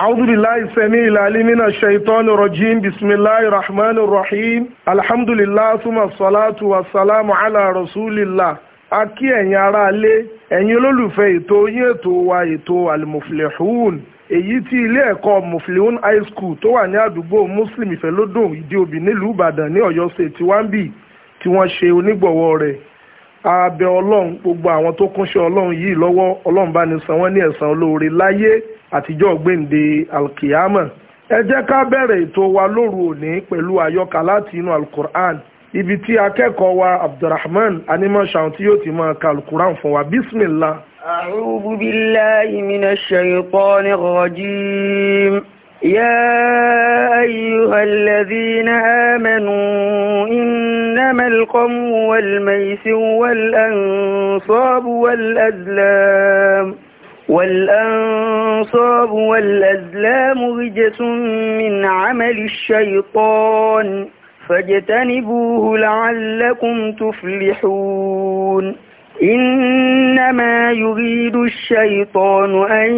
أعوذ بالله السميع العليم من الشيطان الرجيم بسم الله الرحمن الرحيم الحمد لله ثم الصلاة والسلام على رسول الله a kí ẹ̀yin aráalé ẹ̀yin olólùfẹ́ ètò yín ètò wa ètò almuflihun èyí tí ilé ẹ̀kọ́ muflihun high school tó wà ní àdúgbò muslim ìfẹ́lódùn ìdí òbí nílùú ìbàdàn ní ọ̀yọ́ state wambi tí wọ́n ṣe onígbọ̀wọ́ rẹ̀ abẹ ọlọ́run gbogbo àwọn tó kúnṣẹ́ ọlọ́run yìí lọ́wọ́ ọlọ́run bá ní san wọ́n ní ẹ̀san olóore láyé àtijọ́ gbèǹde alkiyama ẹ jẹ́ ká bẹ̀rẹ̀ ètò wa lóru òní pẹ̀lú àyọkà láti inú alukur'an ibi tí akẹ́kọ̀ọ́ wa abdulrahman animashan tí yóò ti máa ka alukur'an fún wa bismillah. a'udhu billahi minash shaitani rajim. يا أيها الذين آمنوا إنما القم والميسر والأنصاب والأزلام والأنصاب والأزلام رجس من عمل الشيطان فاجتنبوه لعلكم تفلحون إنما يريد الشيطان أن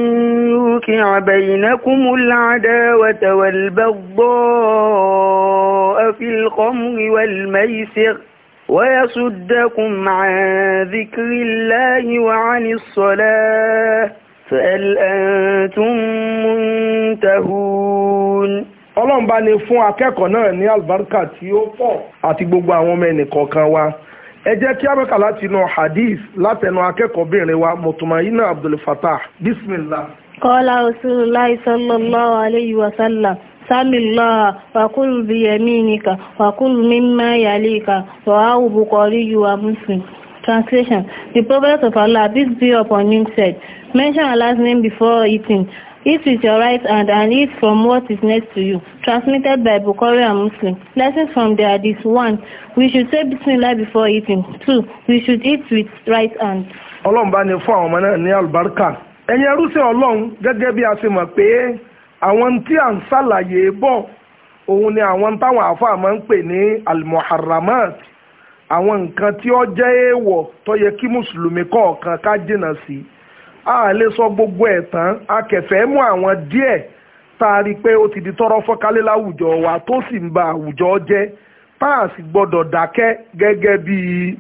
يوقع بينكم العداوة والبغضاء في الخمر والميسر ويصدكم عن ذكر الله وعن الصلاة فهل أنتم منتهون ọlọ́run bá ní fún akẹ́kọ̀ọ́ náà ní albarka tí ó pọ̀ àti gbogbo àwọn ọmọ ẹnìkọ̀ọ̀kan wa ẹ jẹ́ kí abẹ́kà láti inú hadith látẹnu akẹ́kọ̀ọ́bìnrin wa mutmainna abdulfatah bismillah. qala rasulullah sallallahu alayhi wa sallam. سم الله وكل بيمينك وكل مما يليك رواه البخاري ومسلم Translation The Prophet of Allah, peace be upon him, said, Mention Allah's name before eating. Eat with your right hand and eat from what is next to you. Transmitted by Bukhari and Muslim. Lessons from the Hadith. one: We should say Bismillah before eating. Two: We should eat with right hand. Ọlọ́run bá ní fún àwọn ọmọ náà ní àlùbáríkà. Ẹ̀yin ẹrú sí Ọlọ́run gẹ́gẹ́ bí a ṣe mọ̀ pé àwọn tí à ń ṣàlàyé bọ̀ òun ni àwọn táwọn àáfàá máa ń pè ní almuharramat àwọn nǹkan tí ó jẹ́ èèwọ̀ tó yẹ kí mùsùlùmí kọ̀ọ̀kan ká jìnnà sí a lè sọ gbogbo ẹ̀ tán a kẹfẹ́ mú àwọn díẹ̀ tá a rí i pé ó ti di tọrọ fọ́nkálẹ̀ láwùjọ wa tó sì ń ba àwùjọ jẹ́ tá a sì gbọ́dọ̀ dákẹ́ gẹ́gẹ́ bí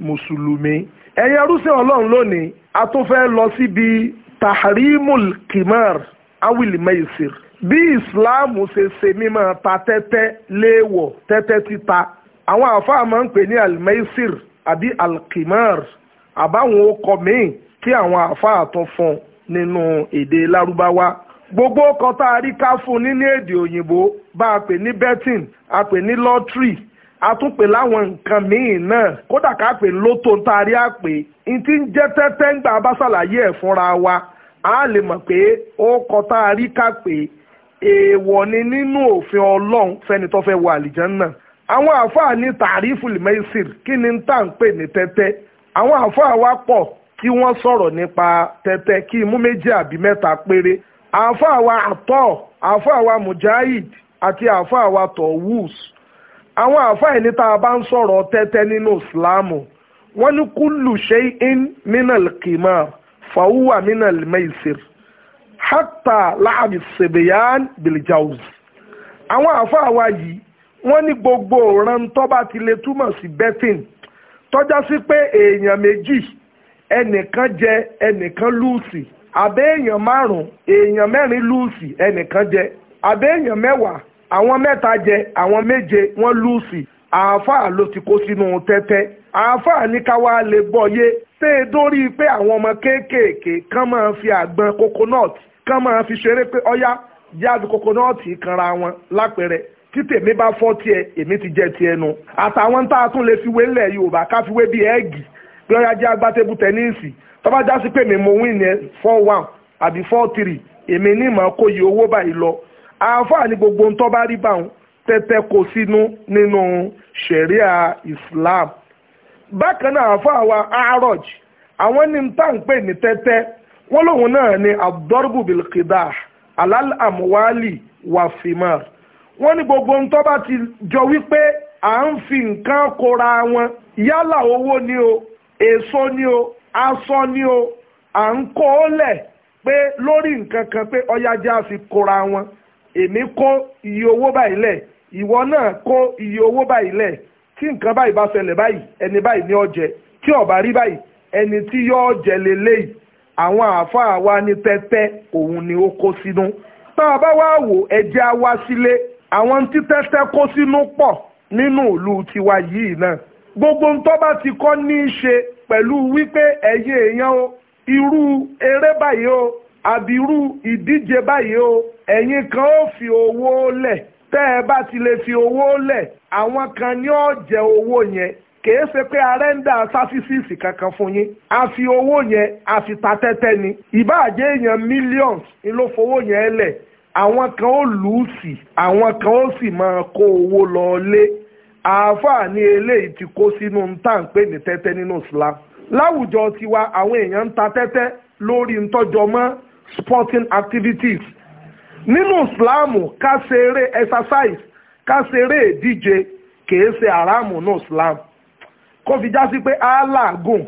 mùsùlùmí ẹ̀yin arúsẹ́ ọlọ́run lónìí a tún fẹ́ lọ síbi tahrimul kimar awil bí ìsìláàmù ṣe ṣe mímọ́ ta tẹ́tẹ́ léèwọ̀ tẹ́tẹ́ títa àwọn àáfàá máa ń pè ní almeisir àbí alkimar àbáwọn okọ̀ míì tí àwọn àáfàá tún fún nínú èdè lárúbáwá gbogbo ọkọ̀ tá a rí ká fún nínú èdè òyìnbó bá a pè ní betting a pè ní lottery a tún pè láwọn nǹkan míì náà kódà ká pè lóto tá a rí à pé n ti ń jẹ́ tẹ́tẹ́ ń gbà bá ṣàlàyé ẹ̀ fúnra wa a lè mọ̀ pé ó kọ́ tá a rí ká pè é èèwọ̀ ni nínú òfin ọlọ́run fẹ́ni tó fẹ́ wọ àlìjánná àwọn àáfàá ní tàrífù lìmẹ́sìr kí ni tá à ń pè ní tẹ́tẹ́ àwọn àáfàá wa pọ̀ kí wọ́n sọ̀rọ̀ nípa tẹ́tẹ́ kí imú méjì àbí mẹ́ta péré àáfàá wa àtọ́ àáfàá wa mujahid àti àáfàá wa tọ̀wùs àwọn àáfàá ẹni tá a bá ń sọ̀rọ̀ tẹ́tẹ́ nínú ìsìláàmù wọ́n ní kúlù ṣe in minal kìmá fàwùwà minal mẹ́sìr hátà láàbì sèbèyàn bìlìjàùz àwọn àáfàá wa yìí wọ́n ní gbogbo ọ̀ràn tó bá ti lè túmọ̀ sí betting tọ́já sí pé èèyàn méjì ẹnìkan jẹ ẹnìkan lùsì àbẹ́ èèyàn márùn-ún èèyàn mẹ́rin lùsì ẹnìkan jẹ àbẹ́ èèyàn mẹ́wàá àwọn mẹ́ta jẹ àwọn méje wọ́n lùsì àáfàá ló ti kó sínú tẹ́tẹ́ àáfàá ní ká wá lè gbọ́ yé ṣé dórí pé àwọn ọmọ kéékèèké kan máa fi àgbọn coconut kán máa fi ṣeré pé ọyá jáde kokonọ́ọ̀tì kanra wọn lápẹẹrẹ tí tèmi bá fọ́ tiẹ̀ èmi ti jẹ́ tiẹ̀ nu àtàwọn tá a tún lè fi wé ńlẹ̀ yorùbá ká fi wé bíi ẹ́ẹ̀gì bí ọyá jẹ́ agbátẹ́bù tẹ́níìsì tọ́ba já sí pé mi mo win yẹn four one àbí four three èmi ní ìmọ̀ kó yí owó báyìí lọ àáfàá ni gbogbo ń tọ́ba rí báwọn tẹ́tẹ́ kó sínú nínú ṣẹ̀ríà Islam bákan náà àáfàá wa aroj àwọn ní ń tà ń pè ní tẹ́tẹ́ wọ́n lóun náà ni abdurbu bilkidah alal amuwali wafimar wọ́n ní gbogbo ń tọ́ bá ti jọ wípé à ń fi nǹkan kóra wọn yálà owó ni o èso ni o aṣọ ni o à ń kó o lẹ̀ pé lórí nǹkan kan pé ọyájá fi kóra wọn èmi kó iye owó báyìí lẹ̀ ìwọ náà kó iye owó báyìí lẹ̀ tí nǹkan báyìí bá ṣẹlẹ̀ báyìí ẹni báyìí ni ó tí ó rí báyìí ẹni tí yóò jẹ lélẹ́yìí àwọn àáfàá wa ní tẹ́tẹ́ òun ni ó kó sínú tá a bá wá wò ẹjẹ́ á wá sílé àwọn tí tẹ́tẹ́ kó sínú pọ̀ nínú ìlú tiwa yìí náà gbogbo ń tọ́ bá ti kọ́ ní í ṣe pẹ̀lú wípé ẹ̀yin èèyàn o irú eré báyìí o àbí irú ìdíje báyìí o ẹ̀yin kan ó fi owó lẹ̀ tẹ́ ẹ bá ti lè fi owó lẹ̀ àwọn kan ní ó owó yẹn kìí ṣe pé arẹ́ndà sáfísìsì kankan fún yín a fi owó yẹn a fi ta tẹ́tẹ́ ni ìbáàjẹ́ èèyàn millions ni ló fowó yẹn lẹ̀ àwọn kan ó lù ú sí àwọn kan ó sì máa kó owó lọ lé àáfàá ní eléyìí ti kó sínú tá à ń pè ní tẹ́tẹ́ nínú Islam láwùjọ tiwa àwọn èèyàn ń ta tẹ́tẹ́ lórí ntọ́jọmọ́ sporting activities nínú Islam ká ṣeré exercise ká ṣeré ìdíje kìí ṣe àràmù ní Islam kó fi já sí pé àálà gùn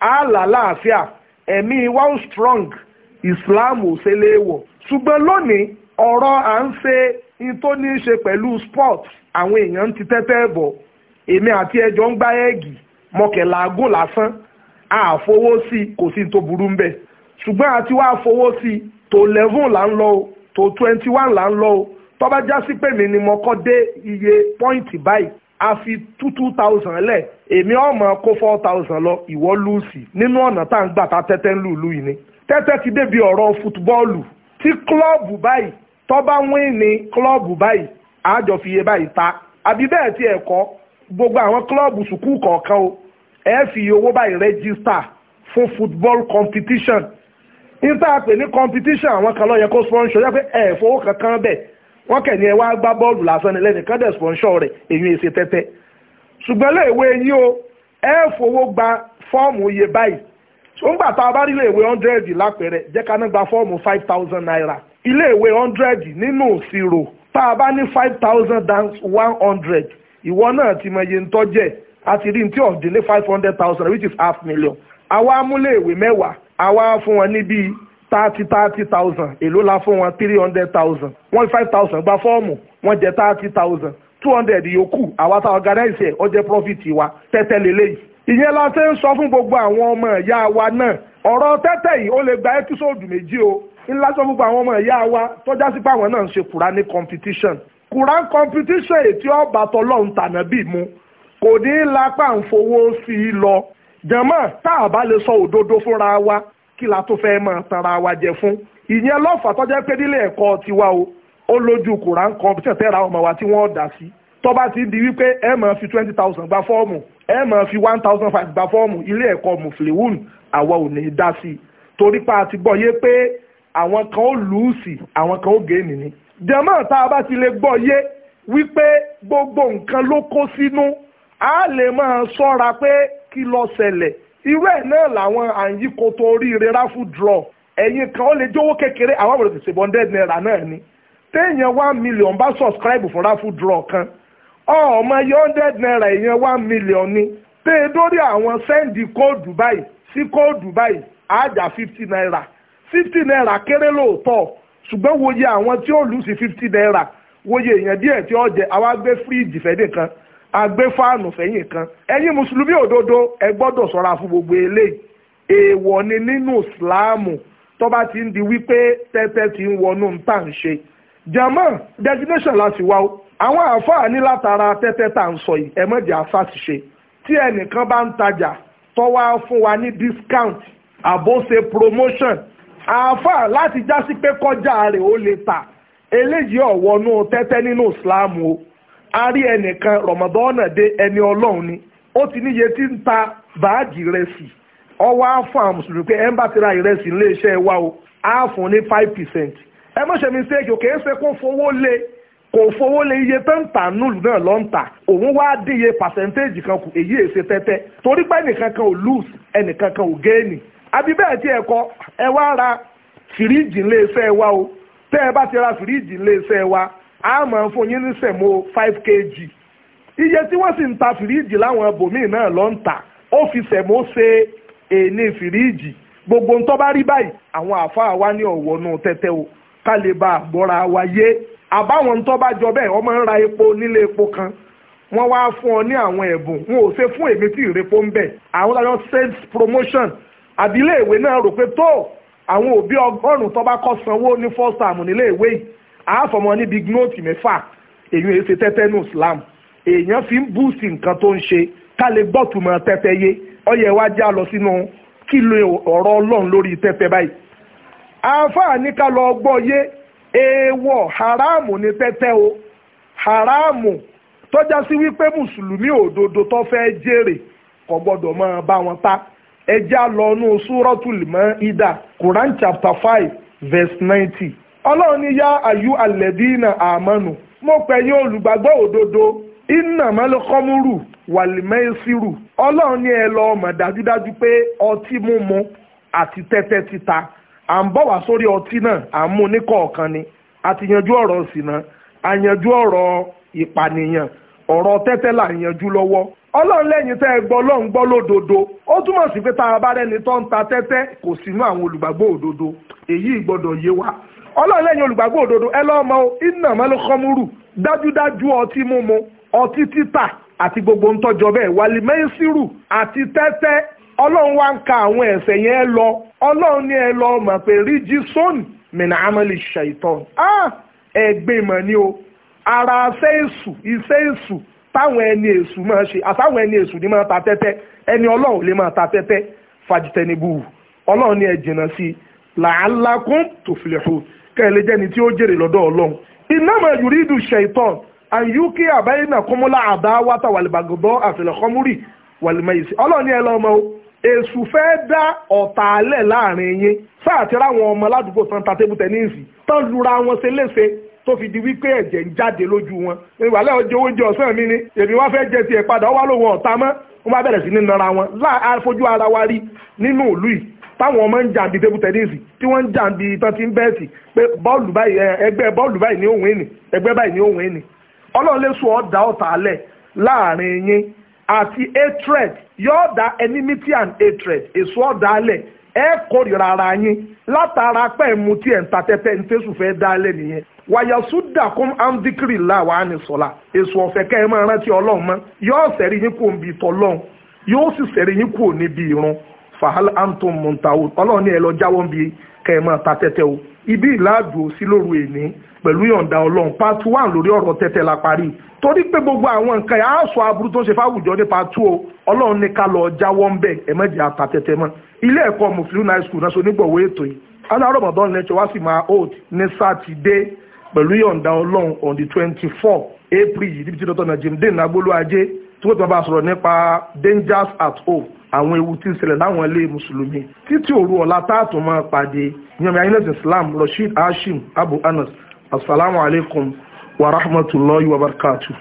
àálà láàfíà ẹ̀mí wa ó strong Islam ò ṣe léèwọ̀ ṣùgbọ́n lónìí ọ̀rọ̀ à ń ṣe in tó ní í ṣe pẹ̀lú sport àwọn èèyàn ti tẹ́tẹ́ bọ̀ èmi àti ẹjọ́ ń gbá ẹ́ẹ̀gì mọ̀kẹ̀lá gùn lásán àfowó sí kò sí tó burú ń bẹ̀ ṣùgbọ́n àti wá fowó sí tó eleven là ń lọ o tó twenty one là ń lọ o tó bá já sí pé ni mo kọ́ dé iye pọ́ìntì báyìí a fi two two thousand lẹ̀ èmi ọmọ kó four thousand lọ ìwọ lùsì nínú ọ̀nà tá à ń gbà ta tẹ́tẹ́ ń lù lù yìí ni tẹ́tẹ́ ti débi ọ̀rọ̀ fútbọ́ọ̀lù tí klọ́ọ̀bù báyìí tó bá wín ní klọ́ọ̀bù báyìí àjọ fi iye báyìí ta àbí bẹ́ẹ̀ tí ẹ̀kọ́ gbogbo àwọn klọ́ọ̀bù sùkúù kọ̀ọ̀kan o ẹ fi iye owó báyìí rẹ́gísítà fún football competition níta pè ní competition àwọn kan ló yẹ kó sponsor yẹ pé ẹ̀ fowó kankan bẹ́ẹ̀ wọ́n kẹ̀ ní ẹ wá gbá bọ́ọ̀lù lásán ni lẹ́nu kọ́dẹ̀ sponsor rẹ̀ èyí èsè tẹ́tẹ́ ṣùgbọ́n léèwé yín o ẹ fowó gba fọ́ọ̀mù iye báyìí tó ń gbà tá a bá rí léèwé hundred lápẹ̀rẹ̀ jẹ́ ká ná gba fọ́ọ̀mù five thousand naira iléèwé hundred nínú ìṣirò tá a bá ní five thousand dance one hundred ìwọ náà ti mọ iye ń tọ́jẹ̀ àti rí ní tí ọ̀dín ní five hundred thousand which is half million àwa amúléèwé mẹ́wàá àwa fún wọn ní bíi thirty thirty thousand èló la fún wọn three hundred thousand one five thousand gba fọ́ọ̀mù wọ́n jẹ thirty thousand two hundred yòókù àwa tá a organize ẹ̀ ọjẹ́ profit wa tẹ́tẹ́ lélẹ́yìí ìyẹn la ṣe ń sọ fún gbogbo àwọn ọmọ ìyá wa náà ọ̀rọ̀ tẹ́tẹ́ yìí ó lè gba ẹ́písòdù méjì o ńlá sọ fún gbogbo àwọn ọmọ ìyá wa tọ́já sí pé àwọn náà ń ṣe kùránì competition kùránì competition ètí ọ̀bà tọ́lọ́hún tànà bíi mu kò ní í lápá ń fowó sí i lọ jẹ̀mọ́ tá a bá lè sọ òdodo fúnra wa kí la tó fẹ́ máa tanra wa jẹ fún ìyẹn lọ́fà tọ́jẹ́ pé nílé ẹ̀kọ́ tiwa o ó lójú kùrán competition tẹ́ra ọmọ wa tí wọ́n dà sí tó bá ti di wípé ẹ máa fi twenty thousand gba fọ́ọ̀mù ẹ máa fi one thousand five gba fọ́ọ̀mù ilé ẹ̀kọ́ muflewoon àwa ò ní dá sí i torí pa àti gbọ́ yé pé àwọn kan ó lùúsì àwọn kan ó gèèmì ni. jẹ́mọ́ tá a bá ti lè gbọ́ yé wípé gbogbo nǹkan ló kó sínú a lè máa ṣọ́ra pé kí ló ṣẹlẹ̀ irú ẹ̀ náà làwọn àyíkoto oríire raffle draw ẹ̀yin kan ó lè jówó kékeré àwọn àwòrán ti ṣèbọn hundred naira náà ni téèyàn one million bá subscribe fún raffle draw kan ọmọ yẹ hundred naira èèyàn one million ni pé dórí àwọn sẹ́ndì kóòdù báyìí sí kóòdù báyìí àjà fifty naira fifty naira kéré lóòótọ́ ṣùgbọ́n wòye àwọn tí ó lù sí fifty naira wòye èèyàn díẹ̀ tí ó jẹ àwa gbé fíríjì fẹ́ nìkan agbé fáànù fẹ̀yìn kan ẹ̀yin mùsùlùmí òdodo ẹ gbọ́dọ̀ ṣọ́ra fún gbogbo eléyìí èèwọ̀ ni nínú ìsìláàmù tó bá ti ń di wípé tẹ́tẹ́ ti ń wọnú tá à ń ṣe jama destination láti wá o àwọn àáfàá látara tẹ́tẹ́ tá ń sọ yìí ẹ mọ̀jẹ̀ àfàṣìṣe tí ẹnìkan bá ń tajà tó wá fún wa ní discount àbóṣe promotion àáfàá láti jásí pé kọjá rẹ̀ ó lè tà eléyìí ọ̀wọ́nú tẹ́tẹ́ nínú ìsìláàmù o a rí ẹnìkan rọmọdọ́nà dé ẹni ọlọ́run ni ó ti níye tí ń ta báàgì ìrẹsì ọwọ́ á fún àwọn mùsùlùmí pé ẹ ti ra ìrẹsì ilé iṣẹ́ wa o á fún ní five percent ẹ má ṣe mistake o kì í ṣe kó fowó lé kò fowó lé iye tó ń tà núlù náà ló ń tà òun wá dín iye percentage kan kù èyí èsè tẹ́tẹ́ torí pé ẹnìkan kan ò lose ẹnìkan kan ò gain àbí bẹ́ẹ̀ tí ẹ kọ ẹ wá ra fìríìjì ilé iṣẹ́ wa o tẹ́ ẹ bá ti ra fìríìjì ilé iṣẹ́ wa a máa fún yín ní sẹ̀mó five kg iye tí wọ́n sì ń ta fìríìjì láwọn ibòmíì náà ló ń tà ó fi sẹ̀mó ṣe èèní fìríìjì gbogbo ń tó bá rí báyìí àwọn àáfàá wa ní ọ̀wọ́nú tẹ́tẹ́ o ká lè bá àgbọ́ra wa yé àbáwọn ń tó bá jọ bẹ́ẹ̀ ọmọ ń ra epo nílé epo kan wọ́n wá fún ọ ní àwọn ẹ̀bùn wọn ò ṣe fún èmi tí ìrèpo ń bẹ̀ àwọn lọ́yọ́ sales promotion àbílẹ̀ ìwé náà rò pé tó àwọn òbí ọgọ́rùn-ún tó bá kọ́ sanwó ní first term nílé ìwé yìí àáfọmọ ní big note mẹ́fà èyàn èyí ṣe tẹ́tẹ́ ní fi ń búùsì nǹkan tó ń ṣe ká lè gbọ́tùmọ̀ tẹ́tẹ́ yé ọyẹ wa já lọ sínú kílò ọ̀rọ̀ ọlọ́run lórí tẹ́tẹ́ báyìí. haramu o haramu tọ́já sí wípé mùsùlùmí òdodo tó fẹ́ jèrè kò gbọ́dọ̀ máa bá wọn ta ẹjá lọ súrọ́tùlùmọ́ ìdá Quran ọlọ́run ní yá àyú àlẹ́dínà àmọ́nù mo pè yín olùgbàgbọ́ òdodo iná mọ́lẹ́kọ́múrù wàlímẹ́sìrù ọlọ́run ní ẹ lọ́ọ́ mọ̀ dájúdájú pé ọtí mímu àti tẹ́tẹ́ títa à ń bọ̀ wá sórí ọtí náà à ń mú ní kọ̀ọ̀kan ni a ti yanjú ọ̀rọ̀ ṣìnà a yanjú ọ̀rọ̀ ìpànìyàn ọ̀rọ̀ tẹ́tẹ́ là ń yanjú lọ́wọ́ ọlọ́run lẹ́yìn tẹ́ ẹ gbọ́ ọlọ́run gbọ́ lódodo ó túmọ̀ sí pé tá a bá rẹ́ni tó ń ta tẹ́tẹ́ kò sínú àwọn olùgbàgbọ́ òdodo èyí ìgbọ́dọ̀ yé wa ọlọ́run lẹ́yìn olùgbàgbọ́ òdodo ẹ lọ́ọ́ mọ iná mọ́lẹ́kọ́múrù dájúdájú ọtí mímu ọtí títà àti gbogbo ń tọ́jọ bẹ́ẹ̀ wàlí mẹ́sìrù àti tẹ́tẹ́ ọlọ́run wá ń ka àwọn ẹ̀ṣẹ̀ yẹn lọ ọlọ́run ní ẹ lọ mọ̀ pé ríjì sóònù mìnà amẹ́lì ṣàìtàn ẹgbẹ́ mọ̀ ni o ara ṣe èṣù iṣẹ́ èṣù táwọn ẹni èṣù máa ṣe àtàwọn ẹni èṣù ni máa ta tẹ́tẹ́ ẹni ọlọ́run lè máa ta tẹ́tẹ́ fàjìtẹ́nibù ọlọ́run ní ẹ jìnnà sí i làálàkún tòfìlẹ̀hùn kẹ́lẹ́ jẹ́ni tí ó jèrè lọ́dọ̀ ọlọ́run innama yuridu shaitan an yuki bainakumul adawata wal baghdha fil khamri wal maisir ọlọ́run ní ẹ lọ́mọ o èṣù fẹ́ dá ọ̀tá alẹ̀ láàrin yín sáà tí ráwọn ọmọ aládùúgbò tán ta tébù tẹ́níìsì tán lura wọn ṣe léṣe tó fi di wípé ẹ̀jẹ̀ ń jáde lójú wọn ìwàlẹ̀ ọjọ́ owó jẹ ọ̀sán mi ni èmi wá fẹ́ jẹ tiẹ̀ padà ọwá lòun ọ̀tá mọ́ wọn bá bẹ̀rẹ̀ sí ní nara wọn láà fojú ara wa rí nínú ìlú yìí táwọn ọmọ ń jà bíi table tennis tí wọ́n ń jà bíi tán ti ń bẹ́ẹ̀tì pé bọ́ọ̀lù báyìí ẹgbẹ́ bọ́ọ̀lù báyìí ní òun ẹni ẹgbẹ́ báyìí ní òun ẹni ọlọ́run lè sọ ọ̀dà ọ̀tà alẹ̀ láàrin yín àti hatred yóò da enimity and hatred èso ọ̀dà alẹ̀ ẹ kórìíra ara yín látara pẹ́ mu tí ẹ̀ ń ta tẹ́tẹ́ ń tẹ́sù fẹ́ dá alẹ́ nìyẹn wàyàsúdàkùn andikiri làwọn ànisọ̀la èso ọ̀fẹ́ kẹ́ ẹ máa rántí ọlọ́run mọ́ yóò sẹ̀rí yín kò bi tọ́lọ́run yóò sì sẹ̀rí yín kò níbi ìrun fahal antum muntahu ọlọ́run ní ẹ lọ jáwọ́ bí kẹ́ ẹ máa ta tẹ́tẹ́ o ibi ìlàdùn sí lóru èní pẹ̀lú yọ̀ǹda ọlọ́run part one lórí ọ̀rọ̀ tẹ́tẹ́ la parí torí pé gbogbo àwọn nǹkan yà á sọ aburú tó ń ṣe fáwùjọ ní part two o ọlọ́run ní ká lọ jáwọ́ ń bẹ̀ ẹ mẹ́jẹ̀ ata tẹ́tẹ́ mọ́ ilé ẹ̀kọ́ mùsùlùmí high school náà so nígbọ̀wé ètò yìí alárọ̀mọ̀dán lẹ́tọ̀ wá sí máa hold ní sátidé pẹ̀lú yọ̀ǹda ọlọ́run on the twenty four april yìí níbi tí dr najim dènà ajé tí wọ́n ti bá sọ̀rọ̀ nípa dangers at home àwọn ewu tí ń ṣẹlẹ̀ láwọn ilé mùsùlùmí títí òru ọ̀la táàtù máa pàdé yan mi ayinlẹ́sìn islam rasheed hashim abu anas asalaamualeykum wa rahmatulahi wa barakatuh.